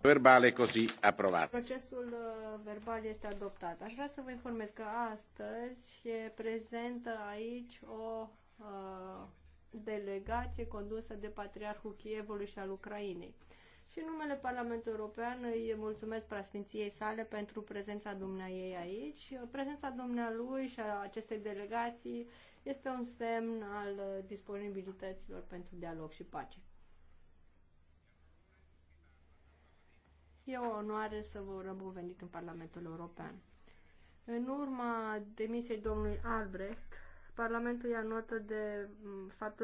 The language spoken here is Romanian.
Verbale così aprovat. Procesul uh, verbal este adoptat. Aș vrea să vă informez că astăzi e prezentă aici o uh, delegație condusă de Patriarhul Chievului și al Ucrainei. Și în numele Parlamentului European îi mulțumesc preasfinției sale pentru prezența dumneai aici. Prezența dumnealui și a acestei delegații este un semn al uh, disponibilităților pentru dialog și pace. E o onoare să vă urăm bun venit în Parlamentul European. În urma demisiei domnului Albrecht, Parlamentul ia notă de faptul